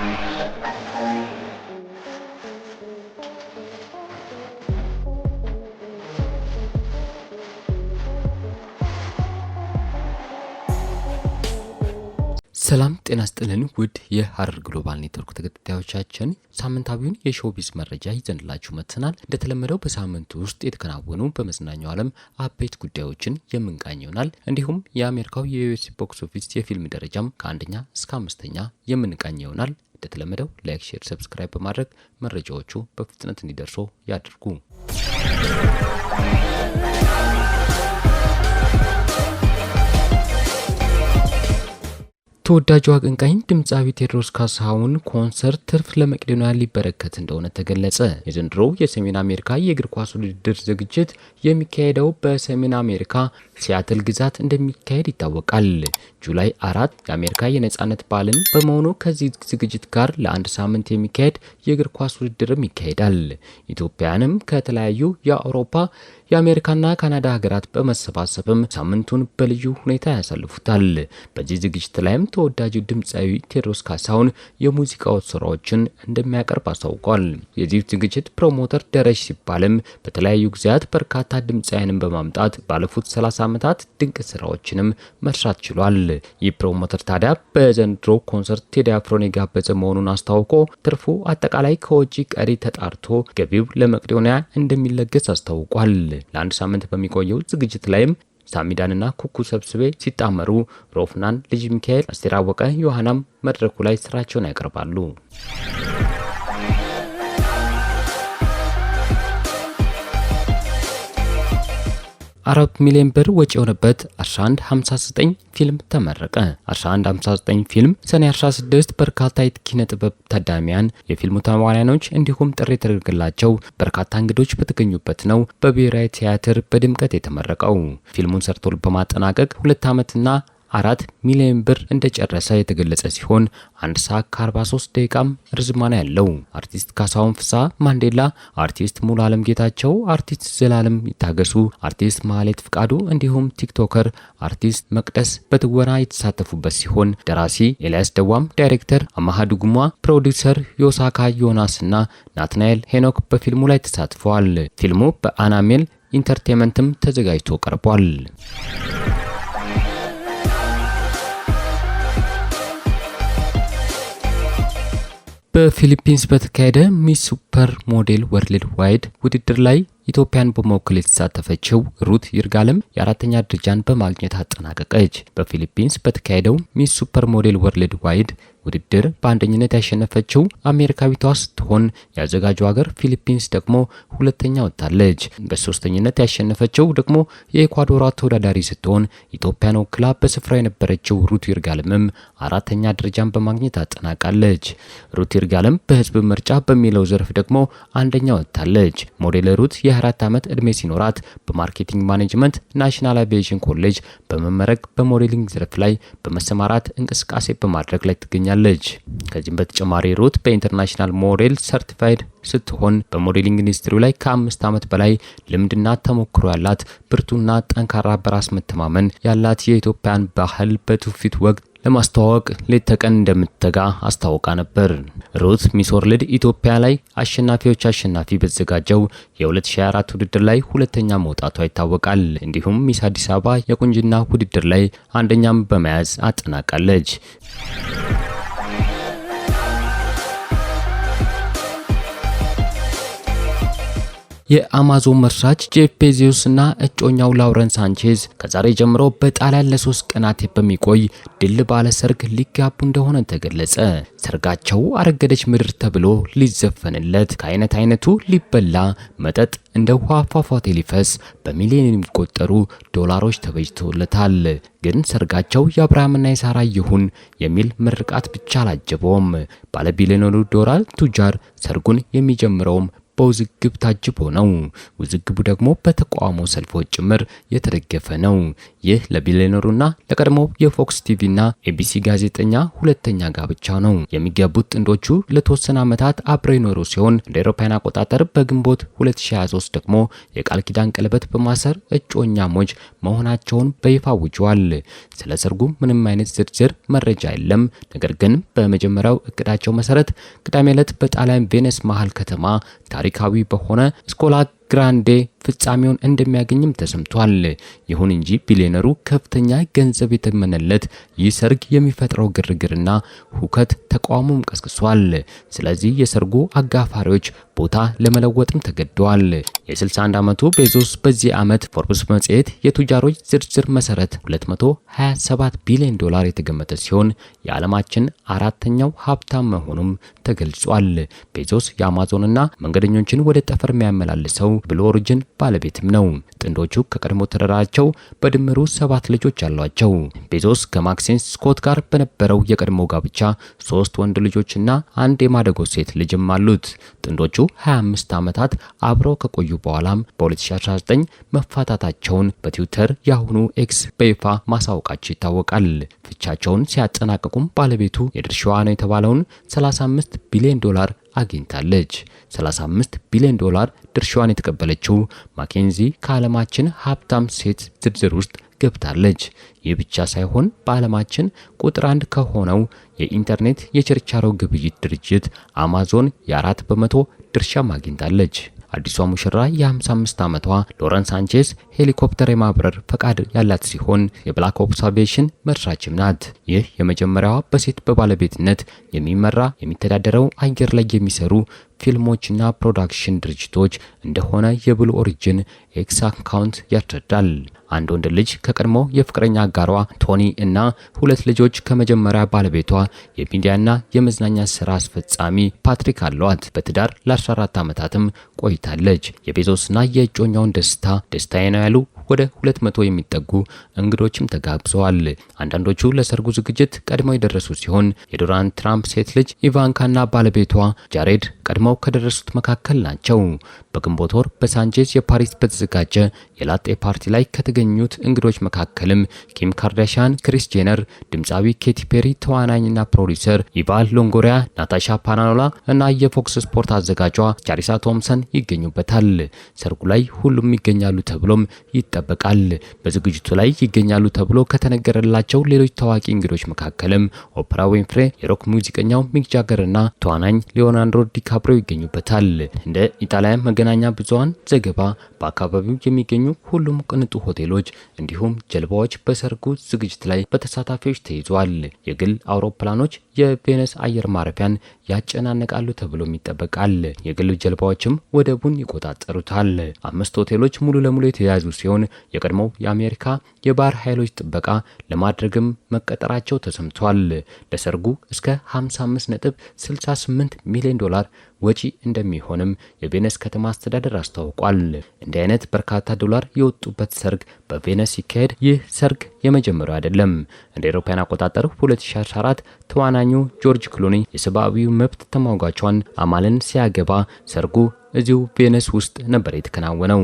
Gracias. ሰላም ጤና ስጥልን ውድ የሀረር ግሎባል ኔትወርክ ተከታታዮቻችን ሳምንታዊውን የሾቢዝ መረጃ ይዘንላችሁ መጥተናል። እንደተለመደው በሳምንቱ ውስጥ የተከናወኑ በመዝናኛው ዓለም አበይት ጉዳዮችን የምንቃኝ ይሆናል። እንዲሁም የአሜሪካው የዩኤስ ቦክስ ኦፊስ የፊልም ደረጃም ከአንደኛ እስከ አምስተኛ የምንቃኝ ይሆናል። እንደተለመደው ላይክ፣ ሼር፣ ሰብስክራይብ በማድረግ መረጃዎቹ በፍጥነት እንዲደርሶ ያድርጉ። ተወዳጁ አቀንቃኝ ድምፃዊ ቴዎድሮስ ካሳሁን ኮንሰርት ትርፍ ለመቄዶንያ ሊበረከት እንደሆነ ተገለጸ። የዘንድሮ የሰሜን አሜሪካ የእግር ኳስ ውድድር ዝግጅት የሚካሄደው በሰሜን አሜሪካ ሲያትል ግዛት እንደሚካሄድ ይታወቃል። ጁላይ አራት የአሜሪካ የነጻነት በዓልን በመሆኑ ከዚህ ዝግጅት ጋር ለአንድ ሳምንት የሚካሄድ የእግር ኳስ ውድድርም ይካሄዳል። ኢትዮጵያንም ከተለያዩ የአውሮፓ የአሜሪካና ካናዳ ሀገራት በመሰባሰብም ሳምንቱን በልዩ ሁኔታ ያሳልፉታል። በዚህ ዝግጅት ላይም ተወዳጁ ድምፃዊ ቴድሮስ ካሳሁን የሙዚቃዎች ስራዎችን እንደሚያቀርብ አስታውቋል። የዚህ ዝግጅት ፕሮሞተር ደረሽ ሲባልም በተለያዩ ጊዜያት በርካታ ድምፃውያንን በማምጣት ባለፉት 30 ዓመታት ድንቅ ስራዎችንም መስራት ችሏል። ይህ ፕሮሞተር ታዲያ በዘንድሮ ኮንሰርት ቴዲ አፍሮን የጋበዘ መሆኑን አስታውቆ ትርፉ አጠቃላይ ከወጪ ቀሪ ተጣርቶ ገቢው ለመቅዶንያ እንደሚለገስ አስታውቋል። ለአንድ ሳምንት በሚቆየው ዝግጅት ላይም ሳሚዳንና ኩኩ ሰብስቤ ሲጣመሩ ሮፍናን፣ ልጅ ሚካኤል፣ አስቴር አወቀ፣ ዮሐናም መድረኩ ላይ ስራቸውን ያቀርባሉ። አራት ሚሊዮን ብር ወጪ የሆነበት 1159 ፊልም ተመረቀ። 1159 ፊልም ሰኔ 16 በርካታ የኪነ ጥበብ ታዳሚያን፣ የፊልሙ ተዋናዮች እንዲሁም ጥሪ የተደረገላቸው በርካታ እንግዶች በተገኙበት ነው በብሔራዊ ቲያትር በድምቀት የተመረቀው። ፊልሙን ሰርቶ በማጠናቀቅ ሁለት ዓመትና አራት ሚሊዮን ብር እንደጨረሰ የተገለጸ ሲሆን አንድ ሰዓት ከ43 ደቂቃም ርዝማና ያለው አርቲስት ካሳሁን ፍስሐ ማንዴላ፣ አርቲስት ሙሉ አለም ጌታቸው፣ አርቲስት ዘላለም ይታገሱ፣ አርቲስት ማህሌት ፍቃዱ እንዲሁም ቲክቶከር አርቲስት መቅደስ በትወና የተሳተፉበት ሲሆን ደራሲ ኤልያስ ደዋም፣ ዳይሬክተር አማሃ ጉማ፣ ፕሮዲውሰር ዮሳካ ዮናስ እና ናትናኤል ሄኖክ በፊልሙ ላይ ተሳትፈዋል። ፊልሙ በአናሜል ኢንተርቴንመንትም ተዘጋጅቶ ቀርቧል። በፊሊፒንስ በተካሄደ ሚስ ሱፐር ሞዴል ወርልድ ዋይድ ውድድር ላይ ኢትዮጵያን በመወከል የተሳተፈችው ሩት ይርጋለም የአራተኛ ደረጃን በማግኘት አጠናቀቀች። በፊሊፒንስ በተካሄደው ሚስ ሱፐር ሞዴል ወርልድ ዋይድ ውድድር በአንደኝነት ያሸነፈችው አሜሪካዊቷ ስትሆን የአዘጋጁ ሀገር ፊሊፒንስ ደግሞ ሁለተኛ ወጥታለች። በሶስተኝነት ያሸነፈችው ደግሞ የኤኳዶሯ ተወዳዳሪ ስትሆን ኢትዮጵያን ወክላ በስፍራ የነበረችው ሩት ይርጋለምም አራተኛ ደረጃን በማግኘት አጠናቃለች። ሩት ይርጋለም በህዝብ ምርጫ በሚለው ዘርፍ ደግሞ አንደኛ ወጥታለች። ሞዴል ሩት የ24 ዓመት ዕድሜ ሲኖራት በማርኬቲንግ ማኔጅመንት ናሽናል አቪዬሽን ኮሌጅ በመመረቅ በሞዴሊንግ ዘርፍ ላይ በመሰማራት እንቅስቃሴ በማድረግ ላይ ትገኛል። ትገኛለች። ከዚህም በተጨማሪ ሩት በኢንተርናሽናል ሞዴል ሰርቲፋይድ ስትሆን በሞዴሊንግ ኢንዱስትሪ ላይ ከአምስት ዓመት በላይ ልምድና ተሞክሮ ያላት ብርቱና ጠንካራ በራስ መተማመን ያላት የኢትዮጵያን ባህል በትውፊት ወቅት ለማስተዋወቅ ሌት ተቀን እንደምትተጋ አስታውቃ ነበር። ሩት ሚስ ወርልድ ኢትዮጵያ ላይ አሸናፊዎች አሸናፊ በተዘጋጀው የ2024 ውድድር ላይ ሁለተኛ መውጣቷ ይታወቃል። እንዲሁም ሚስ አዲስ አበባ የቁንጅና ውድድር ላይ አንደኛም በመያዝ አጠናቃለች። የአማዞን መስራች ጄፍ ቤዚዮስ እና እጮኛው ላውረን ሳንቼዝ ከዛሬ ጀምሮ በጣሊያን ለሶስት ቀናት በሚቆይ ድል ባለ ሰርግ ሊጋቡ እንደሆነ ተገለጸ። ሰርጋቸው አረገደች ምድር ተብሎ ሊዘፈንለት ከአይነት አይነቱ ሊበላ መጠጥ እንደ ውሃ ፏፏቴ ሊፈስ በሚሊዮን የሚቆጠሩ ዶላሮች ተበጅቶለታል። ግን ሰርጋቸው የአብርሃምና የሳራ ይሁን የሚል ምርቃት ብቻ አላጀበውም። ባለቢሊዮነሩ ዶላር ቱጃር ሰርጉን የሚጀምረውም በውዝግብ ታጅቦ ነው። ውዝግቡ ደግሞ በተቃውሞ ሰልፎች ጭምር የተደገፈ ነው። ይህ ለቢሊዮነሩና ለቀድሞ የፎክስ ቲቪና ኤቢሲ ጋዜጠኛ ሁለተኛ ጋብቻ ነው። የሚገቡት ጥንዶቹ ለተወሰነ ዓመታት አብረው ይኖሩ ሲሆን እንደ አውሮፓውያን አቆጣጠር በግንቦት 2023 ደግሞ የቃል ኪዳን ቀለበት በማሰር እጮኛሞች መሆናቸውን በይፋ አውጀዋል። ስለ ሰርጉ ምንም አይነት ዝርዝር መረጃ የለም። ነገር ግን በመጀመሪያው እቅዳቸው መሰረት ቅዳሜ ዕለት በጣሊያን ቬነስ መሃል ከተማ ታሪካዊ በሆነ ስኮላ ግራንዴ ፍጻሜውን እንደሚያገኝም ተሰምቷል። ይሁን እንጂ ቢሊዮነሩ ከፍተኛ ገንዘብ የተመነለት ይህ ሰርግ የሚፈጥረው ግርግርና ሁከት ተቃውሞም ቀስቅሷል። ስለዚህ የሰርጉ አጋፋሪዎች ቦታ ለመለወጥም ተገደዋል። የ61 ዓመቱ ቤዞስ በዚህ ዓመት ፎርብስ መጽሔት የቱጃሮች ዝርዝር መሰረት 227 ቢሊዮን ዶላር የተገመተ ሲሆን የዓለማችን አራተኛው ሀብታም መሆኑም ተገልጿል። ቤዞስ የአማዞንና መንገደኞችን ወደ ጠፈር የሚያመላልሰው ብሉ ኦሪጅን ባለቤትም ነው። ጥንዶቹ ከቀድሞ ትዳራቸው በድምሩ ሰባት ልጆች አሏቸው። ቤዞስ ከማክሲን ስኮት ጋር በነበረው የቀድሞ ጋብቻ ሶስት ወንድ ልጆችና አንድ የማደጎ ሴት ልጅም አሉት። ጥንዶቹ 25 ዓመታት አብረው ከቆዩ በኋላም በ2019 መፋታታቸውን በትዊተር የአሁኑ ኤክስ በይፋ ማሳወቃቸው ይታወቃል። ፍቻቸውን ሲያጠናቀቁም ባለቤቱ የድርሻዋ ነው የተባለውን 35 ቢሊዮን ዶላር አግኝታለች። 35 ቢሊዮን ዶላር ድርሻዋን የተቀበለችው ማኬንዚ ከዓለማችን ሀብታም ሴት ዝርዝር ውስጥ ገብታለች። ይህ ብቻ ሳይሆን በዓለማችን ቁጥር አንድ ከሆነው የኢንተርኔት የችርቻሮ ግብይት ድርጅት አማዞን የአራት በመቶ ድርሻ ማግኝታለች። አዲሷ ሙሽራ የ55 ዓመቷ ሎረን ሳንቼዝ ሄሊኮፕተር የማብረር ፈቃድ ያላት ሲሆን የብላክ ኦፕስ አቪዬሽን መስራችም ናት። ይህ የመጀመሪያዋ በሴት በባለቤትነት የሚመራ የሚተዳደረው አየር ላይ የሚሰሩ ፊልሞችና ፕሮዳክሽን ድርጅቶች እንደሆነ የብሉ ኦሪጅን ኤክስ አካውንት ያስረዳል። አንድ ወንድ ልጅ ከቀድሞ የፍቅረኛ አጋሯ ቶኒ እና ሁለት ልጆች ከመጀመሪያ ባለቤቷ የሚዲያና የመዝናኛ ስራ አስፈጻሚ ፓትሪክ አለዋት። በትዳር ለ14 ዓመታትም ቆይታለች። የቤዞስና የእጮኛውን ደስታ ደስታዬ ነው ያሉ ወደ 200 የሚጠጉ እንግዶችም ተጋብዘዋል። አንዳንዶቹ ለሰርጉ ዝግጅት ቀድመው የደረሱ ሲሆን የዶናልድ ትራምፕ ሴት ልጅ ኢቫንካና ባለቤቷ ጃሬድ ቀድመው ከደረሱት መካከል ናቸው። በግንቦት ወር በሳንቼዝ የፓሪስ በተዘጋጀ የላጤ ፓርቲ ላይ ከተገኙት እንግዶች መካከልም ኪም ካርዳሽያን፣ ክሪስ ጄነር፣ ድምፃዊ ኬቲ ፔሪ፣ ተዋናኝና ፕሮዲሰር ኢቫል ሎንጎሪያ፣ ናታሻ ፓናኖላ እና የፎክስ ስፖርት አዘጋጇ ቻሪሳ ቶምሰን ይገኙበታል። ሰርጉ ላይ ሁሉም ይገኛሉ ተብሎም ይጠ ይጠበቃል። በዝግጅቱ ላይ ይገኛሉ ተብሎ ከተነገረላቸው ሌሎች ታዋቂ እንግዶች መካከልም ኦፕራ ዊንፍሬ፣ የሮክ ሙዚቀኛው ሚክ ጃገር እና ተዋናኝ ሊዮናርዶ ዲካፕሪዮ ይገኙበታል። እንደ ኢጣሊያን መገናኛ ብዙሃን ዘገባ በአካባቢው የሚገኙ ሁሉም ቅንጡ ሆቴሎች እንዲሁም ጀልባዎች በሰርጉ ዝግጅት ላይ በተሳታፊዎች ተይዟል። የግል አውሮፕላኖች የቬነስ አየር ማረፊያን ያጨናነቃሉ ተብሎም ይጠበቃል። የግል ጀልባዎችም ወደቡን ይቆጣጠሩታል። አምስት ሆቴሎች ሙሉ ለሙሉ የተያዙ ሲሆን የቀድሞው የአሜሪካ የባህር ኃይሎች ጥበቃ ለማድረግም መቀጠራቸው ተሰምቷል። ለሰርጉ እስከ 55.68 ሚሊዮን ዶላር ወጪ እንደሚሆንም የቬነስ ከተማ አስተዳደር አስታውቋል። እንዲህ አይነት በርካታ ዶላር የወጡበት ሰርግ በቬነስ ሲካሄድ ይህ ሰርግ የመጀመሪያው አይደለም። እንደ አውሮፓውያን አቆጣጠር 2014 ተዋናኙ ጆርጅ ክሉኒ የሰብአዊ መብት ተሟጋቿን አማልን ሲያገባ ሰርጉ እዚሁ ቬነስ ውስጥ ነበር የተከናወነው።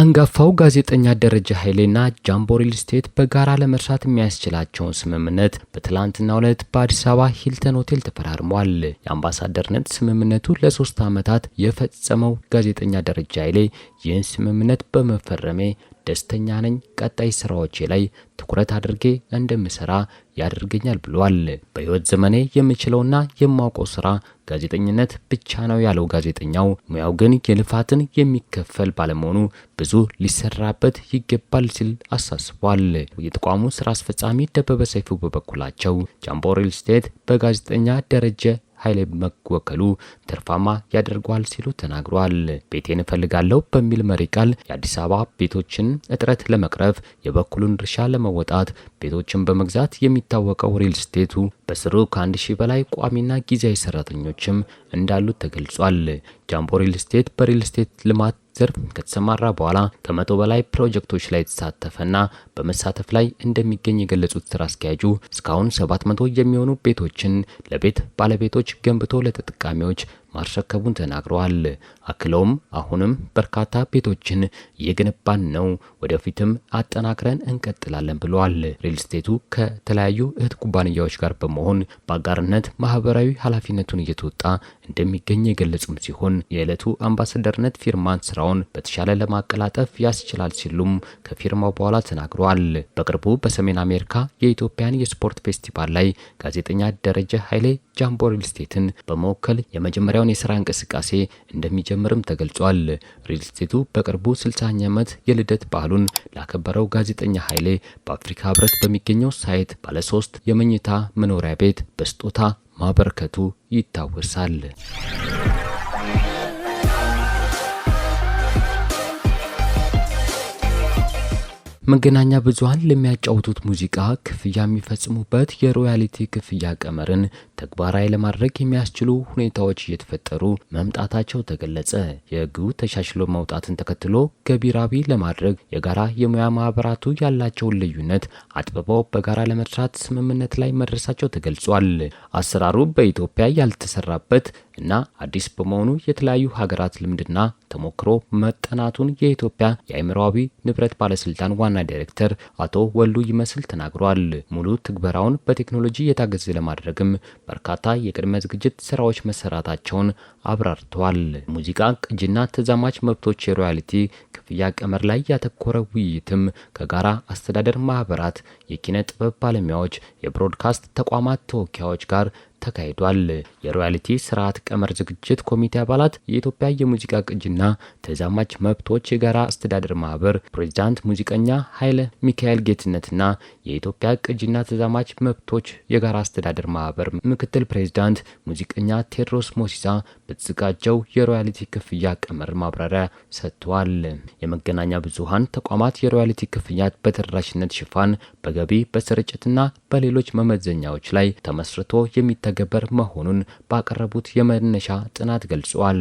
አንጋፋው ጋዜጠኛ ደረጀ ኃይሌና ጃምቦ ሪል ስቴት በጋራ ለመስራት የሚያስችላቸውን ስምምነት በትላንትናው ዕለት በአዲስ አበባ ሂልተን ሆቴል ተፈራርሟል። የአምባሳደርነት ስምምነቱ ለሶስት ዓመታት የፈጸመው ጋዜጠኛ ደረጀ ኃይሌ ይህን ስምምነት በመፈረሜ ደስተኛ ነኝ። ቀጣይ ስራዎቼ ላይ ትኩረት አድርጌ እንደምሰራ ያደርገኛል ብሏል። በህይወት ዘመኔ የምችለውና የማውቀው ስራ ጋዜጠኝነት ብቻ ነው ያለው ጋዜጠኛው፣ ሙያው ግን የልፋትን የሚከፈል ባለመሆኑ ብዙ ሊሰራበት ይገባል ሲል አሳስቧል። የተቋሙ ስራ አስፈጻሚ ደበበ ሰይፉ በበኩላቸው ጃምቦ ሪል ስቴት በጋዜጠኛ ደረጀ ኃይል መወከሉ ትርፋማ ያደርገዋል ሲሉ ተናግሯል። ቤቴን እፈልጋለሁ በሚል መሪ ቃል የአዲስ አበባ ቤቶችን እጥረት ለመቅረፍ የበኩሉን ድርሻ ለመወጣት ቤቶችን በመግዛት የሚታወቀው ሪል ስቴቱ በስሩ ከአንድ ሺህ በላይ ቋሚና ጊዜያዊ ሰራተኞችም እንዳሉት ተገልጿል። ጃምቦ ሪል ስቴት በሪል ስቴት ልማት ዘርፍ ከተሰማራ በኋላ ከመቶ በላይ ፕሮጀክቶች ላይ የተሳተፈና በመሳተፍ ላይ እንደሚገኝ የገለጹት ስራ አስኪያጁ እስካሁን ሰባት መቶ የሚሆኑ ቤቶችን ለቤት ባለቤቶች ገንብቶ ለተጠቃሚዎች ማስረከቡን ተናግረዋል። አክለውም አሁንም በርካታ ቤቶችን እየገነባን ነው፣ ወደፊትም አጠናክረን እንቀጥላለን ብለዋል። ሪል ስቴቱ ከተለያዩ እህት ኩባንያዎች ጋር በመሆን በአጋርነት ማህበራዊ ኃላፊነቱን እየተወጣ እንደሚገኝ የገለጹም ሲሆን የዕለቱ አምባሳደርነት ፊርማን ስራውን በተሻለ ለማቀላጠፍ ያስችላል ሲሉም ከፊርማው በኋላ ተናግረዋል። በቅርቡ በሰሜን አሜሪካ የኢትዮጵያን የስፖርት ፌስቲቫል ላይ ጋዜጠኛ ደረጀ ኃይሌ ጃምቦ ሪልስቴትን ስቴትን በመወከል የመጀመሪያውን የስራ እንቅስቃሴ እንደሚጀምርም ተገልጿል። ሪል ስቴቱ በቅርቡ 60ኛ ዓመት የልደት በዓሉን ላከበረው ጋዜጠኛ ኃይሌ በአፍሪካ ህብረት በሚገኘው ሳይት ባለሶስት የመኝታ መኖሪያ ቤት በስጦታ ማበረከቱ ይታወሳል። መገናኛ ብዙሃን ለሚያጫውቱት ሙዚቃ ክፍያ የሚፈጽሙበት የሮያሊቲ ክፍያ ቀመርን ተግባራዊ ለማድረግ የሚያስችሉ ሁኔታዎች እየተፈጠሩ መምጣታቸው ተገለጸ። የሕጉ ተሻሽሎ መውጣትን ተከትሎ ገቢራዊ ለማድረግ የጋራ የሙያ ማህበራቱ ያላቸውን ልዩነት አጥብበው በጋራ ለመስራት ስምምነት ላይ መድረሳቸው ተገልጿል። አሰራሩ በኢትዮጵያ ያልተሰራበት እና አዲስ በመሆኑ የተለያዩ ሀገራት ልምድና ተሞክሮ መጠናቱን የኢትዮጵያ የአእምሯዊ ንብረት ባለስልጣን ዋና ዳይሬክተር አቶ ወሉ ይመስል ተናግሯል። ሙሉ ትግበራውን በቴክኖሎጂ የታገዘ ለማድረግም በርካታ የቅድመ ዝግጅት ስራዎች መሰራታቸውን አብራርተዋል። ሙዚቃ ቅጂና ተዛማች መብቶች የሮያልቲ ክፍያ ቀመር ላይ ያተኮረ ውይይትም ከጋራ አስተዳደር ማህበራት የኪነ ጥበብ ባለሙያዎች፣ የብሮድካስት ተቋማት ተወካዮች ጋር ተካሂዷል። የሮያልቲ ስርዓት ቀመር ዝግጅት ኮሚቴ አባላት፣ የኢትዮጵያ የሙዚቃ ቅጅና ተዛማች መብቶች የጋራ አስተዳደር ማህበር ፕሬዚዳንት ሙዚቀኛ ኃይለ ሚካኤል ጌትነትና የኢትዮጵያ ቅጅና ተዛማች መብቶች የጋራ አስተዳደር ማህበር ምክትል ፕሬዚዳንት ሙዚቀኛ ቴዎድሮስ ሞሲሳ በተዘጋጀው የሮያሊቲ ክፍያ ቀመር ማብራሪያ ሰጥቷል። የመገናኛ ብዙሃን ተቋማት የሮያሊቲ ክፍያ በተደራሽነት ሽፋን፣ በገቢ በስርጭትና በሌሎች መመዘኛዎች ላይ ተመስርቶ የሚተገበር መሆኑን ባቀረቡት የመነሻ ጥናት ገልጿል።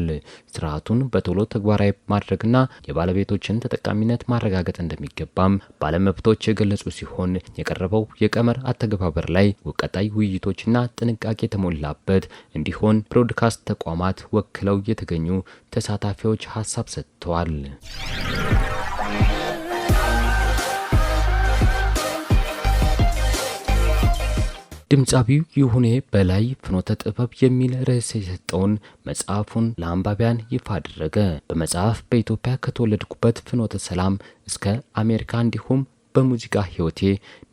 ስርዓቱን በቶሎ ተግባራዊ ማድረግና የባለቤቶችን ተጠቃሚነት ማረጋገጥ እንደሚገባም ባለመብቶች የገለጹ ሲሆን የቀረበው የቀመር አተገባበር ላይ ቀጣይ ውይይቶችና ጥንቃቄ የተሞላበት እንዲሆን ብሮድካስት ተቋማት ወክለው የተገኙ ተሳታፊዎች ሀሳብ ሰጥተዋል። ድምፃዊው ይሁኔ በላይ ፍኖተ ጥበብ የሚል ርዕስ የሰጠውን መጽሐፉን ለአንባቢያን ይፋ አደረገ። በመጽሐፍ በኢትዮጵያ ከተወለድኩበት ፍኖተ ሰላም እስከ አሜሪካ እንዲሁም በሙዚቃ ህይወቴ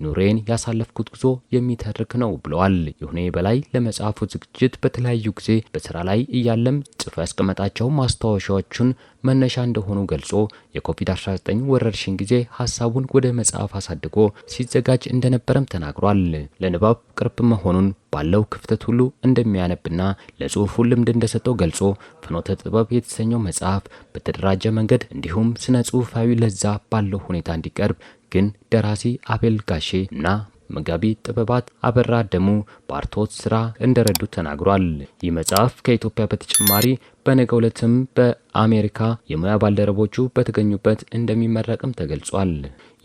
ኑሬን ያሳለፍኩት ጉዞ የሚተርክ ነው ብለዋል። ይሁኔ በላይ ለመጽሐፉ ዝግጅት በተለያዩ ጊዜ በስራ ላይ እያለም ጽፎ ያስቀመጣቸው ማስታወሻዎቹን መነሻ እንደሆኑ ገልጾ የኮቪድ-19 ወረርሽኝ ጊዜ ሀሳቡን ወደ መጽሐፍ አሳድጎ ሲዘጋጅ እንደነበረም ተናግሯል። ለንባብ ቅርብ መሆኑን ባለው ክፍተት ሁሉ እንደሚያነብና ለጽሁፉ ልምድ እንደሰጠው ገልጾ ፍኖተ ጥበብ የተሰኘው መጽሐፍ በተደራጀ መንገድ እንዲሁም ስነ ጽሁፋዊ ለዛ ባለው ሁኔታ እንዲቀርብ ግን ደራሲ አቤል ጋሼ እና መጋቢ ጥበባት አበራ ደሙ ባርቶት ስራ እንደረዱት ተናግሯል። ይህ መጽሐፍ ከኢትዮጵያ በተጨማሪ በነገው ዕለትም በአሜሪካ የሙያ ባልደረቦቹ በተገኙበት እንደሚመረቅም ተገልጿል።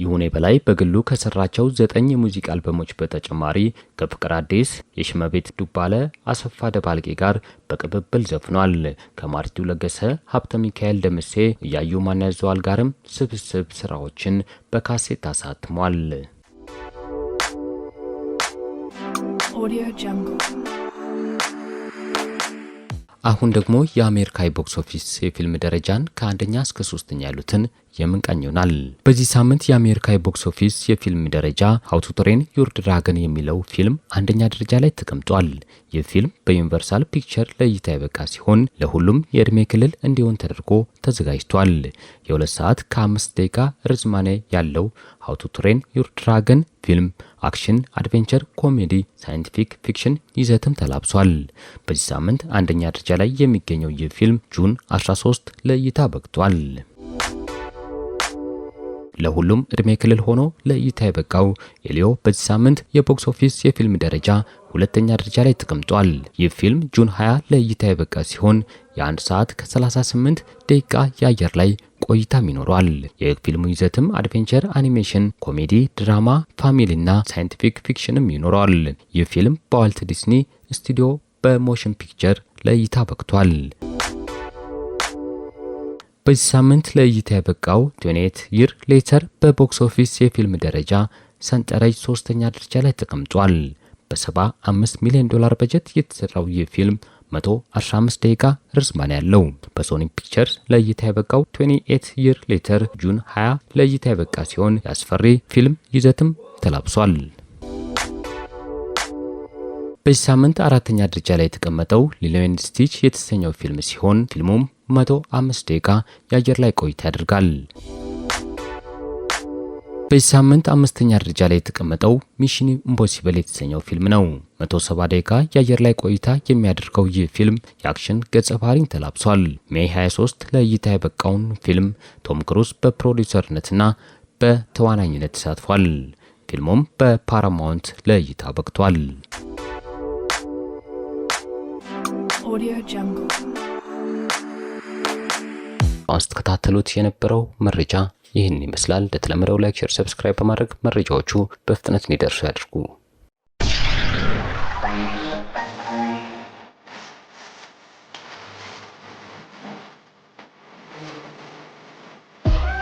ይሁኔ በላይ በግሉ ከሰራቸው ዘጠኝ የሙዚቃ አልበሞች በተጨማሪ ከፍቅር አዲስ፣ የሽመቤት ዱባለ፣ አሰፋ ደባልቄ ጋር በቅብብል ዘፍኗል። ከማርቲው ለገሰ፣ ሀብተ ሚካኤል ደምሴ፣ እያዩ ማናዘዋል ጋርም ስብስብ ስራዎችን በካሴት አሳትሟል። አሁን ደግሞ የአሜሪካ የቦክስ ኦፊስ የፊልም ደረጃን ከአንደኛ እስከ ሶስተኛ ያሉትን የምንቃኝ ይሆናል። በዚህ ሳምንት የአሜሪካ የቦክስ ኦፊስ የፊልም ደረጃ ሀውቱ ትሬን ዮር ድራገን የሚለው ፊልም አንደኛ ደረጃ ላይ ተቀምጧል። ይህ ፊልም በዩኒቨርሳል ፒክቸር ለእይታ የበቃ ሲሆን ለሁሉም የዕድሜ ክልል እንዲሆን ተደርጎ ተዘጋጅቷል። የሁለት ሰዓት ከአምስት ደቂቃ ርዝማኔ ያለው ሀውቱ ትሬን ዮር ድራገን ፊልም አክሽን፣ አድቬንቸር፣ ኮሜዲ፣ ሳይንቲፊክ ፊክሽን ይዘትም ተላብሷል። በዚህ ሳምንት አንደኛ ደረጃ ላይ የሚገኘው ይህ ፊልም ጁን 13 ለእይታ በቅቷል። ለሁሉም እድሜ ክልል ሆኖ ለእይታ የበቃው ኤሊዮ በዚህ ሳምንት የቦክስ ኦፊስ የፊልም ደረጃ ሁለተኛ ደረጃ ላይ ተቀምጧል። ይህ ፊልም ጁን 20 ለእይታ የበቃ ሲሆን የአንድ ሰዓት ከ38 ደቂቃ የአየር ላይ ቆይታም ይኖረዋል። የፊልሙ ይዘትም አድቬንቸር፣ አኒሜሽን፣ ኮሜዲ፣ ድራማ፣ ፋሚሊና ሳይንቲፊክ ፊክሽንም ይኖረዋል። ይህ ፊልም በዋልት ዲስኒ ስቱዲዮ በሞሽን ፒክቸር ለእይታ በቅቷል። በዚህ ሳምንት ለእይታ የበቃው ቱኔት ይር ሌተር በቦክስ ኦፊስ የፊልም ደረጃ ሰንጠረዥ ሶስተኛ ደረጃ ላይ ተቀምጧል። በ75 ሚሊዮን ዶላር በጀት የተሰራው ይህ ፊልም 115 ደቂቃ ርዝማኔ ያለው በሶኒ ፒክቸርስ ለእይታ የበቃው 28 ይር ሌተር ጁን 20 ለእይታ የበቃ ሲሆን የአስፈሪ ፊልም ይዘትም ተላብሷል። በዚህ ሳምንት አራተኛ ደረጃ ላይ የተቀመጠው ሊሎ ኤንድ ስቲች የተሰኘው ፊልም ሲሆን ፊልሙም 105 ደቂቃ የአየር ላይ ቆይታ ያደርጋል። በዚህ ሳምንት አምስተኛ ደረጃ ላይ የተቀመጠው ሚሽን ኢምፖሲብል የተሰኘው ፊልም ነው። 170 ደቂቃ የአየር ላይ ቆይታ የሚያደርገው ይህ ፊልም የአክሽን ገጸ ባህሪን ተላብሷል። ሜይ 23 ለእይታ የበቃውን ፊልም ቶም ክሩዝ በፕሮዲውሰርነትና በተዋናኝነት ተሳትፏል። ፊልሙም በፓራማውንት ለእይታ በቅቷል። ስትከታተሉት የነበረው መረጃ ይህን ይመስላል። ለተለመደው ላይክ፣ ሼር፣ ሰብስክራይብ በማድረግ መረጃዎቹ በፍጥነት እንዲደርሱ ያድርጉ።